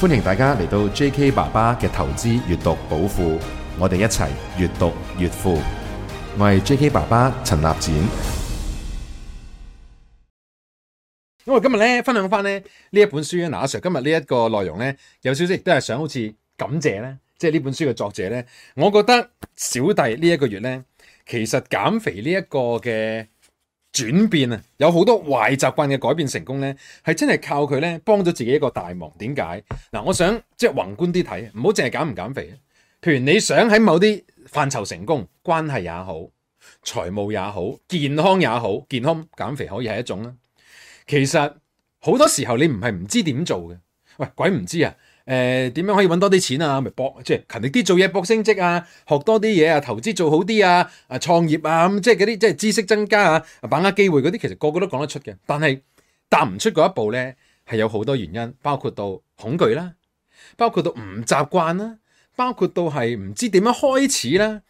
歡迎大家嚟到 J.K. 爸爸嘅投資閱讀寶庫，我哋一齊越讀越富。我係 J.K. 爸爸陳立展。因為今日分享翻呢一本書啊，Sir，今日呢一個內容有少少都係想好似感謝咧，即係呢本書嘅作者咧。我覺得小弟呢一個月咧，其實減肥呢一個嘅。轉變啊，有好多壞習慣嘅改變成功呢，係真係靠佢咧幫咗自己一個大忙。點解？嗱，我想即係宏觀啲睇，唔好淨係減唔減肥啊。譬如你想喺某啲範疇成功，關係也好，財務也好，健康也好，健康減肥可以係一種啦。其實好多時候你唔係唔知點做嘅，喂，鬼唔知啊！誒點、呃、樣可以揾多啲錢啊？咪搏即係勤力啲做嘢搏升職啊，學多啲嘢啊，投資做好啲啊，啊創業啊咁、嗯，即係嗰啲即係知識增加啊，把握機會嗰啲，其實個個都講得出嘅。但係踏唔出嗰一步咧，係有好多原因，包括到恐懼啦，包括到唔習慣啦，包括到係唔知點樣開始啦。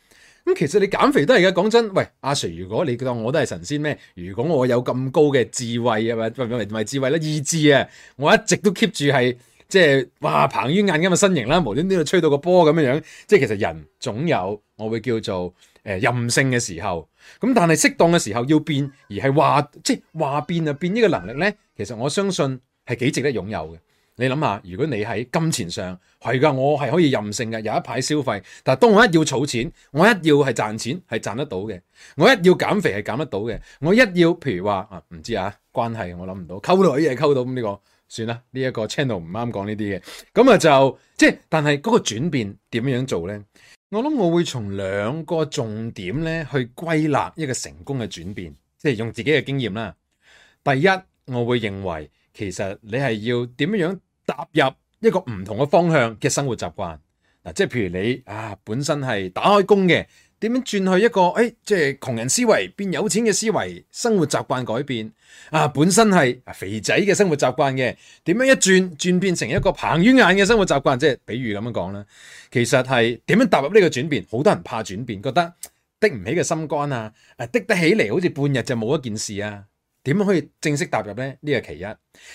咁、嗯、其實你減肥都係嘅，講真，喂阿、啊、Sir，如果你當我都係神仙咩？如果我有咁高嘅智慧啊嘛，唔係智慧啦，意志啊，我一直都 keep 住係。即係話彭于晏咁嘅身形啦，無端端去吹到個波咁樣樣，即係其實人總有我會叫做誒、欸、任性嘅時候。咁但係適當嘅時候要變而，而係話即係話變啊變呢個能力咧，其實我相信係幾值得擁有嘅。你諗下，如果你喺金錢上係㗎，我係可以任性嘅，有一排消費。但係當我一要儲錢，我一要係賺錢係賺得到嘅，我一要減肥係減得到嘅，我一要譬如話啊唔知啊關係我諗唔到，溝女嘢溝到咁呢、那個。算啦，呢一個 channel 唔啱講呢啲嘅，咁啊就即係，但係嗰個轉變點樣做呢？我諗我會從兩個重點咧去歸納一個成功嘅轉變，即係用自己嘅經驗啦。第一，我會認為其實你係要點樣樣踏入一個唔同嘅方向嘅生活習慣嗱，即係譬如你啊本身係打開工嘅。點樣轉去一個誒，即係窮人思維變有錢嘅思維，生活習慣改變啊，本身係肥仔嘅生活習慣嘅，點樣一轉轉變成一個彭于晏嘅生活習慣？即係比喻咁樣講啦，其實係點樣踏入呢個轉變？好多人怕轉變，覺得的唔起嘅心肝啊，誒，的得起嚟，好似半日就冇一件事啊。點樣可以正式踏入呢？呢個其一，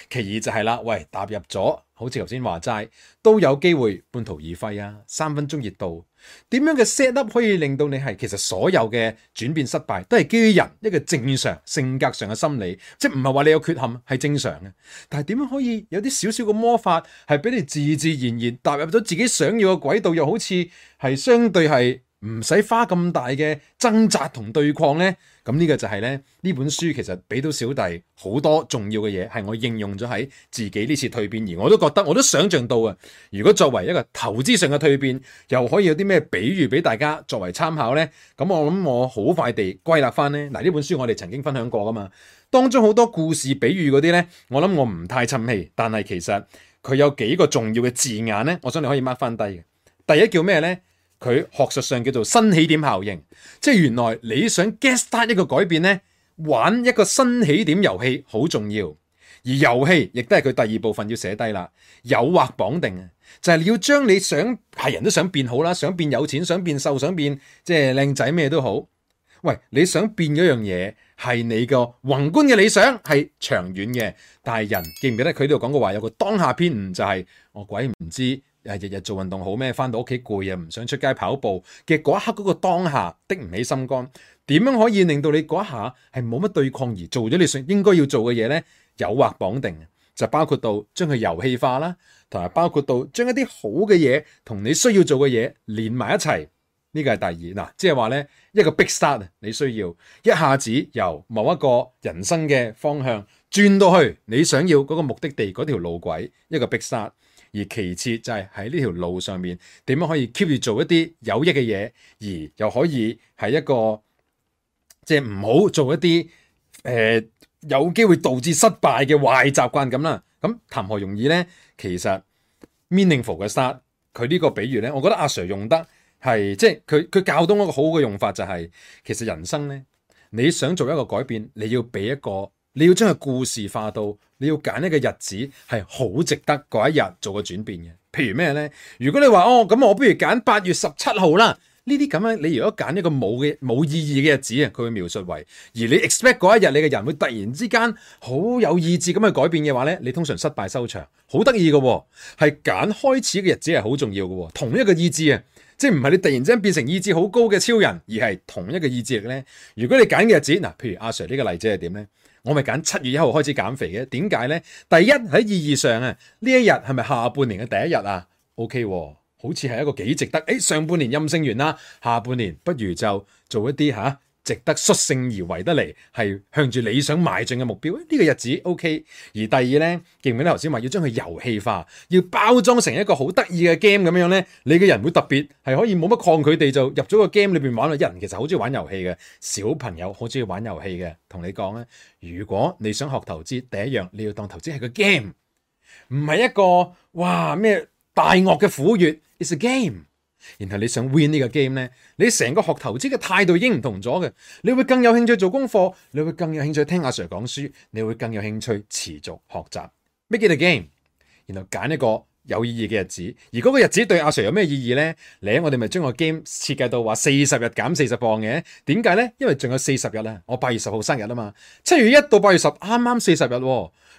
其二就係啦，喂，踏入咗，好似頭先話齋，都有機會半途而廢啊！三分鐘熱度，點樣嘅 set up 可以令到你係其實所有嘅轉變失敗都係基於人一個正常性格上嘅心理，即係唔係話你有缺陷，係正常嘅。但係點樣可以有啲少少嘅魔法，係俾你自自然然踏入咗自己想要嘅軌道，又好似係相對係。唔使花咁大嘅掙扎同對抗呢。咁呢個就係呢呢本書其實俾到小弟好多重要嘅嘢，係我應用咗喺自己呢次蛻變，而我都覺得我都想像到啊！如果作為一個投資上嘅蛻變，又可以有啲咩比喻俾大家作為參考呢？咁我諗我好快地歸納翻呢。嗱，呢本書我哋曾經分享過噶嘛，當中好多故事比喻嗰啲呢，我諗我唔太襯氣，但係其實佢有幾個重要嘅字眼呢，我想你可以 mark 翻低嘅。第一叫咩呢？佢學術上叫做新起點效應，即係原來你想 get start 一個改變呢，玩一個新起點遊戲好重要。而遊戲亦都係佢第二部分要寫低啦，誘惑綁定啊，就係、是、你要將你想，係人都想變好啦，想變有錢，想變瘦，想變，想變即係靚仔，咩都好。喂，你想變嗰樣嘢係你個宏觀嘅理想，係長遠嘅。但係人記唔記得佢呢度講過話有個當下偏誤，就係、是、我鬼唔知。日日做運動好咩？翻到屋企攰啊，唔想出街跑步嘅嗰一刻，嗰個當下的唔起心肝，點樣可以令到你嗰一下係冇乜對抗而做咗你想應該要做嘅嘢呢？誘惑綁定就包括到將佢遊戲化啦，同埋包括到將一啲好嘅嘢同你需要做嘅嘢連埋一齊。呢個係第二嗱，即係話呢，一個 big start 啊！你需要一下子由某一個人生嘅方向轉到去你想要嗰個目的地嗰條路軌，一個 big start。而其次就係喺呢條路上面點樣可以 keep 住做一啲有益嘅嘢，而又可以係一個即係唔好做一啲誒、呃、有機會導致失敗嘅壞習慣咁啦。咁談何容易呢？其實 meaningful 嘅 start 佢呢個比喻，呢，我覺得阿 Sir 用得係即係佢佢，教到我一個好好嘅用法，就係，就係其實人生呢，你想做一個改變，你要俾一個你要將佢故事化到。你要揀一個日子係好值得嗰一日做個轉變嘅，譬如咩呢？如果你話哦咁，我不如揀八月十七號啦。呢啲咁樣，你如果揀一個冇嘅冇意義嘅日子啊，佢會描述為而你 expect 嗰一日你嘅人會突然之間好有意志咁去改變嘅話呢，你通常失敗收場，好得意嘅喎。係揀開始嘅日子係好重要嘅喎。哦，同一個意志啊，即係唔係你突然之間變成意志好高嘅超人，而係同一個意志力呢。如果你揀嘅日子嗱，譬如阿 Sir 呢個例子係點呢？我咪揀七月一號開始減肥嘅，點解呢？第一喺意義上啊，呢一日係咪下半年嘅第一日啊？OK，好似係一個幾值得、欸、上半年陰升完啦，下半年不如就做一啲吓。哈值得率性而為得嚟，係向住理想邁進嘅目標。呢、這個日子 OK。而第二呢，記唔記得頭先話要將佢遊戲化，要包裝成一個好得意嘅 game 咁樣呢，你嘅人會特別係可以冇乜抗拒地就入咗個 game 裏邊玩啦。人其實好中意玩遊戲嘅，小朋友好中意玩遊戲嘅。同你講咧，如果你想學投資，第一樣你要當投資係個 game，唔係一個，一個哇咩大鱷嘅苦月，It's a game。然後你想 win 呢個 game 咧，你成個學投資嘅態度已經唔同咗嘅，你會更有興趣做功課，你會更有興趣聽阿 Sir 講書，你會更有興趣持續學習，make it a game。然後揀一個有意義嘅日子，而嗰個日子對阿 Sir 有咩意義咧？嚟，我哋咪將個 game 設計到話四十日減四十磅嘅。點解咧？因為仲有四十日啊，我八月十號生日啊嘛，七月一到八月十啱啱四十日，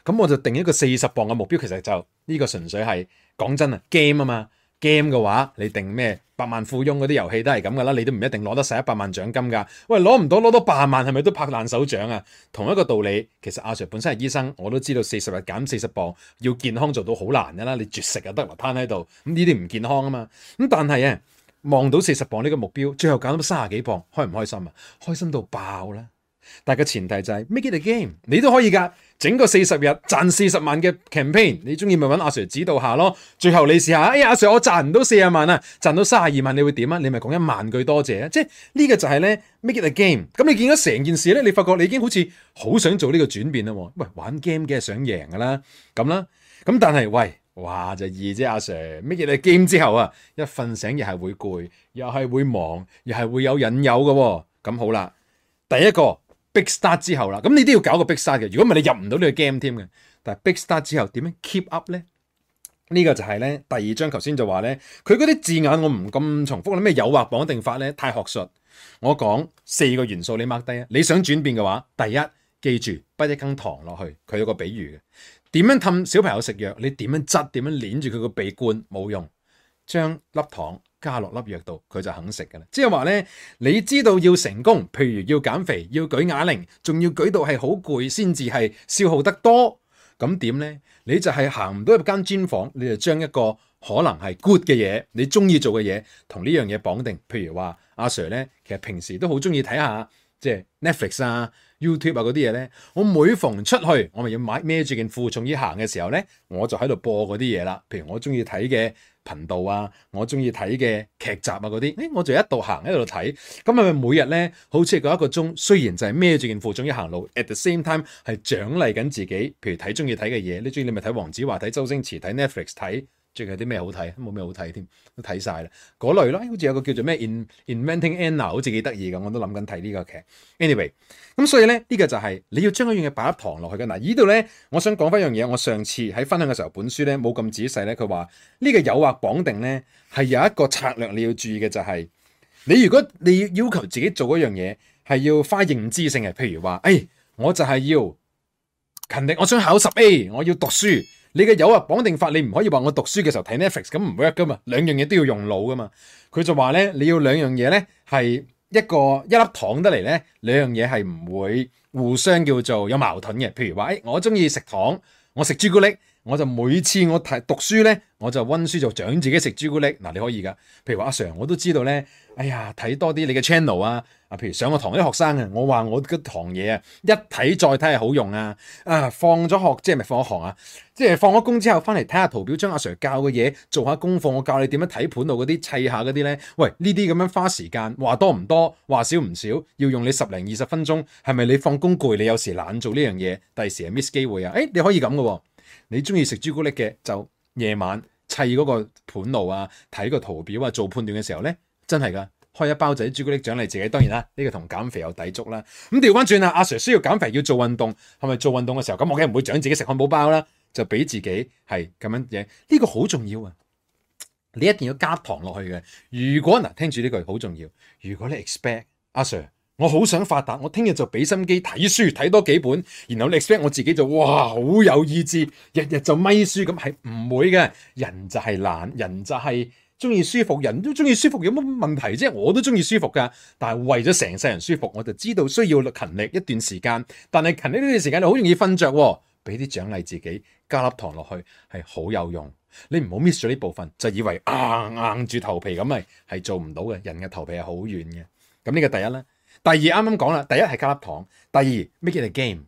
咁我就定一個四十磅嘅目標，其實就呢個純粹係講真啊，game 啊嘛。Game 嘅話，你定咩百萬富翁嗰啲遊戲都係咁噶啦，你都唔一定攞得十一百萬獎金噶。喂，攞唔到攞到八啊萬，係咪都拍爛手掌啊？同一個道理，其實阿 Sir 本身係醫生，我都知道四十日減四十磅要健康做到好難噶啦，你絕食就得，攤喺度咁呢啲唔健康啊嘛。咁但係啊，望到四十磅呢個目標，最後減到三十幾磅，開唔開心啊？開心到爆啦！但係個前提就係 make it a game，你都可以噶，整個四十日賺四十萬嘅 campaign，你中意，咪揾阿 Sir 指導下咯。最後你試下，哎呀阿 Sir，我賺唔到四十萬啊，賺到三十二萬你會點啊？你咪講一萬句多謝啊！即係呢個就係咧 make it a game。咁你見咗成件事咧，你發覺你已經好似好想做呢個轉變啦。喂，玩 game 嘅係想贏噶啦，咁啦，咁但係喂，哇，就易啫，啊、阿 Sir，make it a game 之後啊，一瞓醒又係會攰，又係會忙，又係會有引誘噶。咁好啦，第一個。S Big start 之後啦，咁你都要搞個 Big start 嘅，如果唔係你入唔到呢個 game 添嘅。但係 Big start 之後點樣 keep up 咧？呢、這個就係咧第二章頭先就話咧，佢嗰啲字眼我唔咁重複啦，咩誘惑綁定法咧太學術，我講四個元素你 mark 低啊，你想轉變嘅話，第一記住畀一羹糖落去，佢有個比喻嘅，點樣氹小朋友食藥？你點樣執？點樣捏住佢個鼻冠？冇用，將粒糖。加落粒藥度，佢就肯食㗎喇。即係話咧，你知道要成功，譬如要減肥、要舉啞鈴，仲要舉到係好攰先至係消耗得多。咁點咧？你就係行唔到入間專房，你就將一個可能係 good 嘅嘢，你中意做嘅嘢，同呢樣嘢綁定。譬如話阿 Sir 咧，其實平時都好中意睇下即係 Netflix 啊、YouTube 啊嗰啲嘢咧。我每逢出去，我咪要買孭住件負重衣，仲要行嘅時候咧，我就喺度播嗰啲嘢啦。譬如我中意睇嘅頻道啊，我中意睇嘅劇集啊嗰啲，誒，我就一度行一度睇，咁咪每日咧，好似嗰一個鐘，雖然就係孭住件褲，仲要行路，at the same time 係獎勵緊自己，譬如睇中意睇嘅嘢，你中意你咪睇黃子華睇周星馳睇 Netflix 睇。最近有啲咩好睇？冇咩好睇添，都睇晒啦。嗰類咯，好似有個叫做咩《Inventing Anna》，好似幾得意嘅，我都諗緊睇呢個劇。anyway，咁所以咧、這個，呢個就係你要將一樣嘢擺入堂落去嘅嗱。呢度咧，我想講翻一樣嘢。我上次喺分享嘅時候，本書咧冇咁仔細咧，佢話呢個誘惑綁定咧係有一個策略你要注意嘅，就係、是、你如果你要求自己做一樣嘢係要花認知性嘅，譬如話，哎，我就係要勤力，我想考十 A，我要讀書。你嘅誘惑綁定法你唔可以話我讀書嘅時候睇 Netflix 咁唔 work 㗎嘛，兩樣嘢都要用腦㗎嘛。佢就話咧，你要兩樣嘢咧，係一個一粒糖得嚟咧，兩樣嘢係唔會互相叫做有矛盾嘅。譬如話，欸，我中意食糖，我食朱古力。我就每次我睇讀書咧，我就溫書就獎自己食朱古力。嗱，你可以噶，譬如話阿 Sir，我都知道咧。哎呀，睇多啲你嘅 channel 啊，啊，譬如上個堂啲學生啊，我話我嘅堂嘢啊，一睇再睇係好用啊。啊，放咗學即係咪放咗學啊？即係放咗工之後翻嚟睇下圖表，將阿 Sir 教嘅嘢做下功課。我教你點樣睇盤度嗰啲，砌下嗰啲咧。喂，呢啲咁樣花時間，話多唔多？話少唔少？要用你十零二十分鐘，係咪你放工攰？你有時懶做呢樣嘢，第時係 miss 機會啊？誒、哎，你可以咁嘅喎。你中意食朱古力嘅，就夜晚砌嗰個盤路啊，睇個圖表啊，做判斷嘅時候咧，真係㗎，開一包仔朱古力獎勵自己，當然啦，呢個同減肥有抵觸啦。咁調翻轉啦，阿 Sir 需要減肥要做運動，係咪做運動嘅時候？咁我梗係唔會獎自己食漢堡包啦，就俾自己係咁樣嘢，呢個好重要啊！你一定要加糖落去嘅。如果嗱，聽住呢句好重要，如果你 expect 阿 Sir。我好想發達，我聽日就俾心機睇書，睇多幾本，然後你 expect 我自己就哇好有意志，日日就咪書咁，係唔會嘅。人就係懶，人就係中意舒服，人都中意舒，舒服，有乜問題啫？我都中意舒服噶，但係為咗成世人舒服，我就知道需要勤力，一段時間。但係勤力呢段時間，你好容易瞓著，俾啲獎勵自己，加粒糖落去係好有用。你唔好 miss 咗呢部分，就以為硬硬住頭皮咁咪係做唔到嘅。人嘅頭皮係好軟嘅，咁呢個第一咧。第二啱啱講啦，第一係加粒糖，第二 make it a game，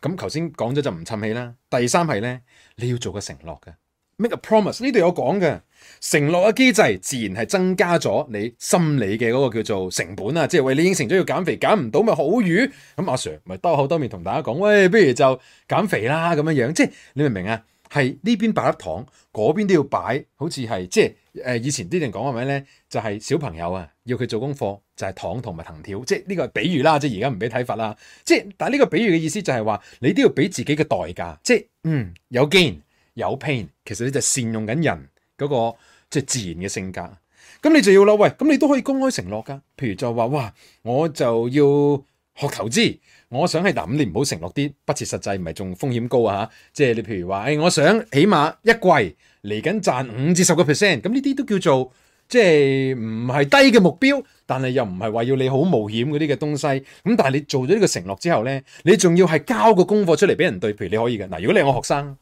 咁頭先講咗就唔襯氣啦。第三係咧，你要做個承諾嘅，make a promise 呢度有講噶，承諾嘅機制自然係增加咗你心理嘅嗰個叫做成本啊，即係喂，你應承咗要減肥，減唔到咪好瘀，咁阿 Sir 咪兜口兜面同大家講，喂，不如就減肥啦咁樣樣，即係你明唔明啊？係呢邊擺粒糖，嗰邊都要擺，好似係即係誒、呃、以前啲人講係咩咧？就係、是、小朋友啊，要佢做功課就係、是、糖同埋藤條，即係呢、這個比喻啦。即係而家唔俾睇法啦。即係但係呢個比喻嘅意思就係話，你都要俾自己嘅代價，即係嗯有 gain, 有 pain。其實你就善用緊人嗰、那個即係、就是、自然嘅性格。咁你就要啦，喂，咁你都可以公開承諾㗎。譬如就話哇，我就要學投資。我想係嗱你唔好承諾啲不切實際，唔係仲風險高啊！嚇，即係你譬如話，誒、欸，我想起碼一季嚟緊賺五至十個 percent，咁呢啲都叫做即係唔係低嘅目標，但係又唔係話要你好冒險嗰啲嘅東西。咁但係你做咗呢個承諾之後咧，你仲要係交個功課出嚟俾人對，譬如你可以嘅。嗱，如果你係我學生，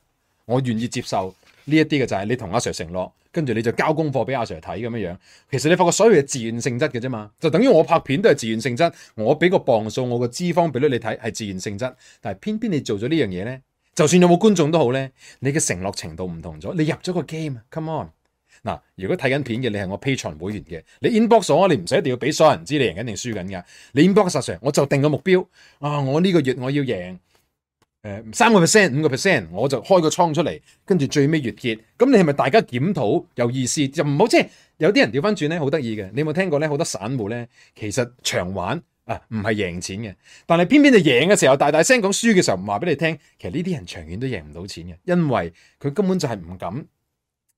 我願意接受呢一啲嘅就係你同阿 Sir 承諾。跟住你就交功課俾阿 sir 睇咁樣樣，其實你發覺所有嘢自然性質嘅啫嘛，就等於我拍片都係自然性質，我俾個磅數我個脂肪比率你睇係自然性質，但係偏偏你做咗呢樣嘢咧，就算有冇觀眾都好咧，你嘅承諾程度唔同咗，你入咗個 game，come on，嗱，如果睇緊片嘅你係我 Patreon 會員嘅，你 inbox 我，你唔使一定要俾所有人知你贏緊定輸緊㗎，你 inbox 阿 sir，我就定個目標啊，我呢個月我要贏。誒三個 percent、五個 percent，我就開個倉出嚟，跟住最尾月結。咁你係咪大家檢討有意思？就唔好即係有啲人調翻轉咧，好得意嘅。你有冇聽過咧？好多散戶咧，其實長玩啊，唔係贏錢嘅。但係偏偏就贏嘅時候大大聲講，輸嘅時候，唔話俾你聽。其實呢啲人長遠都贏唔到錢嘅，因為佢根本就係唔敢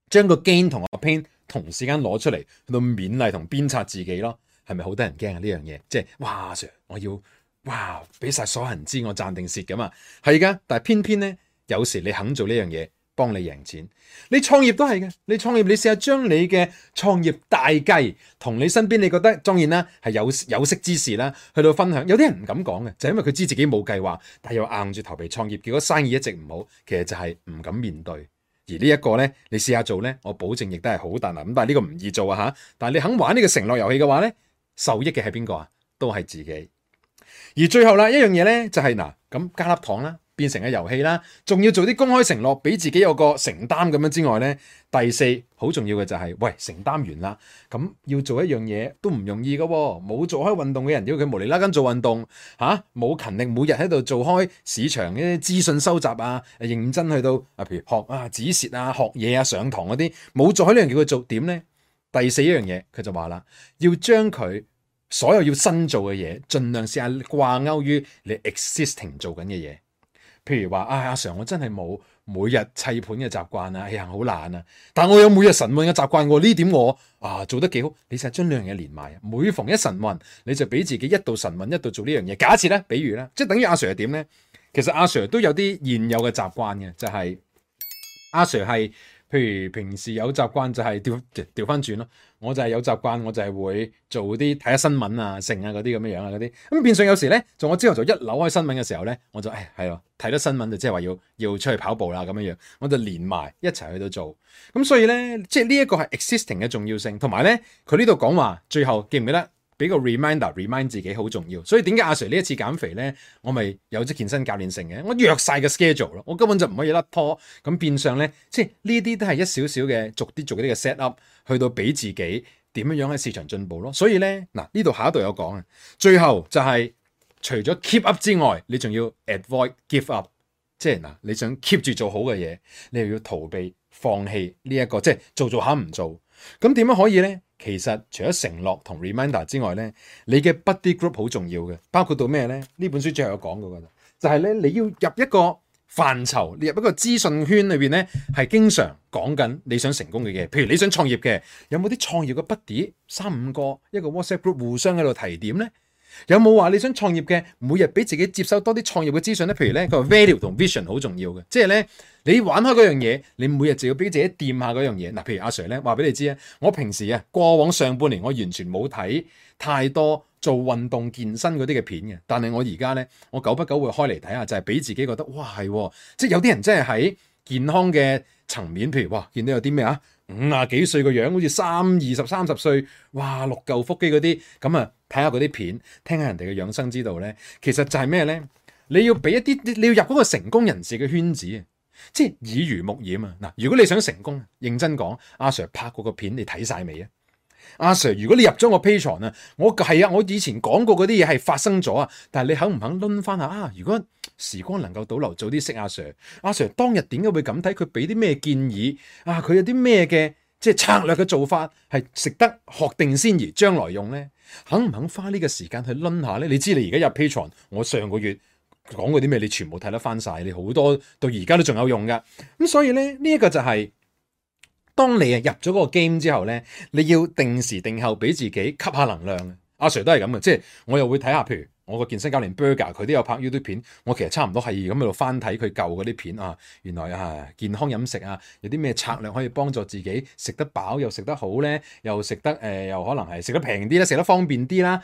將個 gain 同個 pain 同時間攞出嚟，去到勉勵同鞭策自己咯。係咪好得人驚啊？呢樣嘢即係哇，Sir，我要。哇！俾晒所有人知我賺定蝕噶嘛係噶，但係偏偏咧，有時你肯做呢樣嘢，幫你贏錢。你創業都係嘅，你創業你試下將你嘅創業大計同你身邊你覺得當然啦係有有識之士啦，去到分享。有啲人唔敢講嘅，就係因為佢知自己冇計劃，但係又硬住頭皮創業，結果生意一直唔好。其實就係唔敢面對。而呢一個咧，你試下做咧，我保證亦都係好大難。咁但係呢個唔易做啊吓。但係你肯玩呢個承諾遊戲嘅話咧，受益嘅係邊個啊？都係自己。而最後啦，一樣嘢咧就係、是、嗱，咁加粒糖啦，變成個遊戲啦，仲要做啲公開承諾，俾自己有個承擔咁樣之外咧，第四好重要嘅就係、是、喂，承擔完啦，咁要做一樣嘢都唔容易噶，冇做開運動嘅人，要佢無厘拉筋做運動吓，冇、啊、勤力，每日喺度做開市場嘅資訊收集啊，認真去到啊，譬如學啊、止蝕啊、學嘢啊、上堂嗰啲，冇做開呢樣，叫佢做點咧？第四一樣嘢，佢就話啦，要將佢。所有要新做嘅嘢，儘量試下掛鈎於你 existing 做緊嘅嘢。譬如話啊、哎，阿 Sir，我真係冇每日砌盤嘅習慣啦，呀、哎，好懶啊！但我有每日晨運嘅習慣喎，呢點我啊做得幾好。你就將呢樣嘢連埋。每逢一晨運，你就俾自己一度晨運一度做呢樣嘢。假設咧，比如咧，即係等於阿 Sir 係點咧？其實阿 Sir 都有啲現有嘅習慣嘅，就係、是、阿 Sir 係譬如平時有習慣就係調調翻轉咯。我就係有習慣，我就係會做啲睇下新聞啊、剩啊嗰啲咁樣樣啊嗰啲，咁變相有時咧，做我朝頭早一扭開新聞嘅時候咧，我就誒係咯，睇到新聞就即係話要要出去跑步啦咁樣樣，我就連埋一齊去到做，咁所以咧即係呢一個係 existing 嘅重要性，同埋咧佢呢度講話最後記唔記得？俾個 reminder, remind 自己好重要，所以點解阿 Sir 呢一次減肥咧，我咪有咗健身教練性嘅，我約晒個 schedule 咯，我根本就唔可以甩拖，咁變相咧，即係呢啲都係一少少嘅逐啲逐啲嘅 set up，去到俾自己點樣樣喺市場進步咯。所以咧嗱，呢度下一度有講啊，最後就係除咗 keep up 之外，你仲要 avoid give up，即係嗱，你想 keep 住做好嘅嘢，你又要逃避放棄呢一個，即係做做下唔做，咁點樣可以咧？其實除咗承諾同 reminder 之外咧，你嘅 buddy group 好重要嘅，包括到咩咧？呢本書最後有講過嘅，就係、是、咧你要入一個範疇，你入一個資訊圈裏邊咧，係經常講緊你想成功嘅嘢。譬如你想創業嘅，有冇啲創業嘅 buddy 三五個一個 WhatsApp group 互相喺度提點咧？有冇話你想創業嘅，每日俾自己接收多啲創業嘅資訊咧？譬如咧，佢話 value 同 vision 好重要嘅，即係咧你玩開嗰樣嘢，你每日就要俾自己掂下嗰樣嘢。嗱，譬如阿 Sir 咧話俾你知啊，我平時啊過往上半年我完全冇睇太多做運動健身嗰啲嘅片嘅，但係我而家咧我久不久會開嚟睇下，就係俾自己覺得哇係，即係有啲人真係喺健康嘅層面，譬如哇見到有啲咩啊。五啊幾歲個樣，好似三二十三十歲，哇六嚿腹肌嗰啲，咁啊睇下嗰啲片，聽下人哋嘅養生之道咧，其實就係咩咧？你要俾一啲，你要入嗰個成功人士嘅圈子啊，即係耳濡目染啊！嗱，如果你想成功，認真講，阿、啊、Sir 拍過個片，你睇晒未啊？阿 Sir，如果你入咗我 Patreon 啊，我係啊，我以前講過嗰啲嘢係發生咗啊，但係你肯唔肯掄翻下啊？如果時光能夠倒流，早啲識阿 Sir。阿 Sir 當日點解會咁睇？佢俾啲咩建議啊？佢有啲咩嘅即係策略嘅做法係值得學定先而將來用咧？肯唔肯花呢個時間去攆下咧？你知你而家入 Patreon，我上個月講過啲咩，你全部睇得翻晒。你好多到而家都仲有用噶。咁所以咧，呢一個就係當你啊入咗嗰個 game 之後咧，你要定時定候俾自己吸下能量。阿 Sir 都係咁嘅，即係我又會睇下，譬如。我個健身教練 Burger 佢都有拍 YouTube 片，我其實差唔多係咁喺度翻睇佢舊嗰啲片啊。原來啊，健康飲食啊，有啲咩策略可以幫助自己食得飽又食得好咧，又食得誒、呃、又可能係食得平啲啦，食得方便啲啦，誒、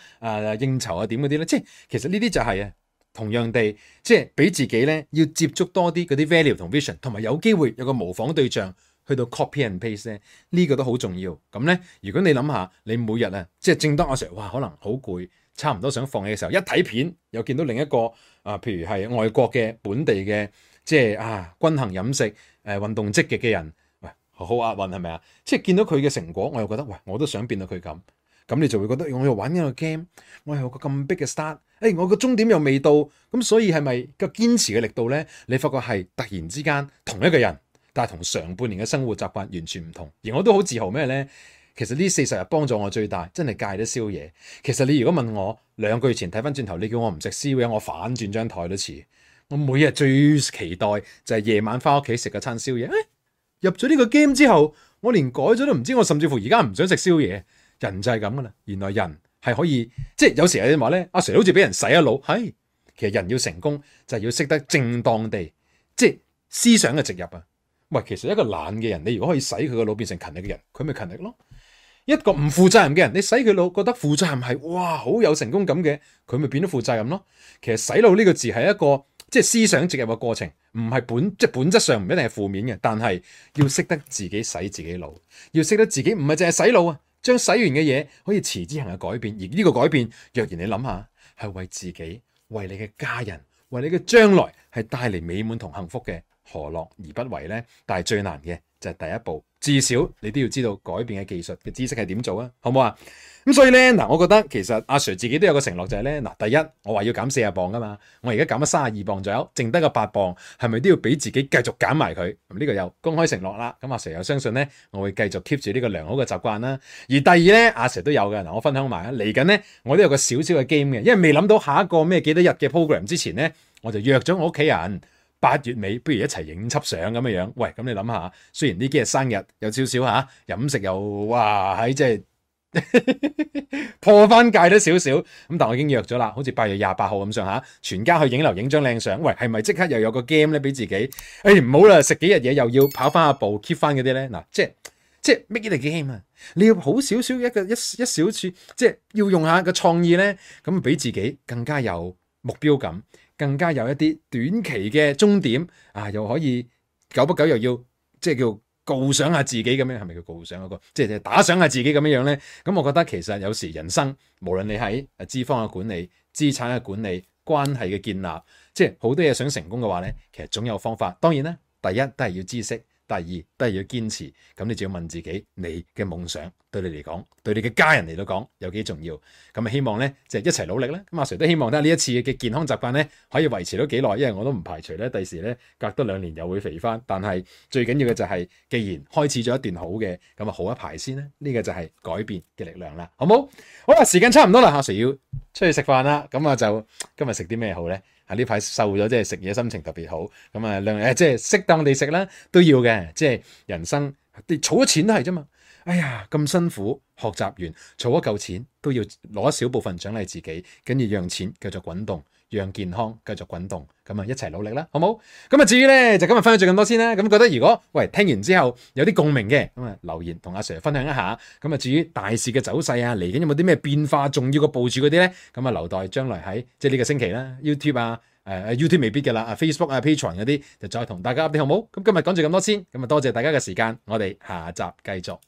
啊、應酬啊點嗰啲咧？即係其實呢啲就係、是、啊，同樣地即係俾自己咧要接觸多啲嗰啲 value 同 vision，同埋有機會有個模仿對象去到 copy and paste 咧，呢、這個都好重要。咁咧，如果你諗下你每日啊，即係正當我成日哇，可能好攰。差唔多想放棄嘅時候，一睇片又見到另一個啊、呃，譬如係外國嘅本地嘅，即係啊均衡飲食誒、呃、運動積極嘅人，喂好押運係咪啊？即係見到佢嘅成果，我又覺得喂我都想變到佢咁，咁你就會覺得、哎、我又玩個遊戲我又玩一個 game、哎、我又有個咁逼嘅 start，誒我個終點又未到，咁所以係咪個堅持嘅力度咧？你發覺係突然之間同一個人，但係同上半年嘅生活習慣完全唔同，而我都好自豪咩咧？其實呢四十日幫助我最大，真係戒得宵夜。其實你如果問我兩個月前睇翻轉頭，你叫我唔食宵夜，我反轉張台都遲。我每日最期待就係、是、夜晚翻屋企食嗰餐宵夜。誒、哎，入咗呢個 game 之後，我連改咗都唔知。我甚至乎而家唔想食宵夜。人就係咁噶啦。原來人係可以，即係有時有人話咧，阿、啊、Sir 好似俾人洗咗腦。係、哎，其實人要成功就係、是、要識得正當地，即係思想嘅植入啊。喂，其實一個懶嘅人，你如果可以使佢個腦變成勤力嘅人，佢咪勤力咯。一個唔負責任嘅人，你洗佢腦，覺得負責任係哇，好有成功感嘅，佢咪變咗負責任咯？其實洗腦呢個字係一個即係思想植入嘅過程，唔係本即係本質上唔一定係負面嘅，但係要識得自己洗自己腦，要識得自己唔係淨係洗腦啊，將洗完嘅嘢可以持之恆嘅改變，而呢個改變，若然你諗下，係為自己、為你嘅家人、為你嘅將來係帶嚟美滿同幸福嘅。何樂而不為呢？但係最難嘅就係、是、第一步，至少你都要知道改變嘅技術嘅知識係點做啊，好唔好啊？咁所以呢，嗱，我覺得其實阿 Sir 自己都有個承諾就係呢。嗱，第一，我話要減四十磅噶嘛，我而家減咗三十二磅左右，剩低個八磅，係咪都要俾自己繼續減埋佢？咁、這、呢個又公開承諾啦。咁阿 Sir 又相信呢，我會繼續 keep 住呢個良好嘅習慣啦。而第二呢，阿 Sir 都有嘅，嗱，我分享埋嚟緊呢，我都有個小小嘅 game 嘅，因為未諗到下一個咩幾多日嘅 program 之前呢，我就約咗我屋企人。八月尾，不如一齊影輯相咁樣樣。喂，咁你諗下，雖然呢幾日生日有少少吓，飲食又哇喺即係破翻戒都少。少。咁但我已經約咗啦，好似八月廿八號咁上下，全家去影樓影張靚相。喂，係咪即刻又有個 game 咧，俾自己？誒、欸，唔好啦，食幾日嘢又要跑翻下步，keep 翻嗰啲咧。嗱，即係即係 make it a game 啊！你要好少少一個一一小處，即係要用下個創意咧，咁俾自己更加有目標感。更加有一啲短期嘅終點，啊又可以久不久又要即係叫犒賞下自己咁樣，係咪叫犒賞嗰個，即係打賞下自己咁樣樣咧？咁我覺得其實有時人生，無論你喺脂肪嘅管理、資產嘅管理、關係嘅建立，即係好多嘢想成功嘅話咧，其實總有方法。當然咧，第一都係要知識。第二都係要堅持，咁你就要問自己，你嘅夢想對你嚟講，對你嘅家人嚟到講有幾重要？咁啊，希望咧就一齊努力啦。咁阿 Sir 都希望咧呢一次嘅健康習慣咧可以維持到幾耐，因為我都唔排除咧第時咧隔多兩年又會肥翻。但係最緊要嘅就係，既然開始咗一段好嘅，咁啊好一排先啦。呢個就係改變嘅力量啦，好唔好？好啦，時間差唔多啦，阿 Sir 要出去食飯啦。咁啊，就今日食啲咩好咧？啊呢排瘦咗，即係食嘢心情特別好。咁啊，兩誒即係適當地食啦，都要嘅。即係人生，你儲咗錢都係啫嘛。哎呀，咁辛苦學習完，儲咗夠錢，都要攞一小部分獎勵自己，跟住讓錢繼續滾動，讓健康繼續滾動，咁啊一齊努力啦，好唔好？咁啊至於呢，就今日分享咗咁多先啦。咁覺得如果喂聽完之後有啲共鳴嘅，咁啊留言同阿 Sir 分享一下。咁啊至於大市嘅走勢啊，嚟緊有冇啲咩變化、重要嘅部署嗰啲呢？咁啊留待將來喺即係呢個星期啦 YouTube 啊。誒、、uh, YouTube 未必嘅啦，Facebook 啊、uh,、Patreon 嗰啲就再同大家 update 好唔好？咁今日講住咁多先，咁啊多謝大家嘅時間，我哋下集繼續。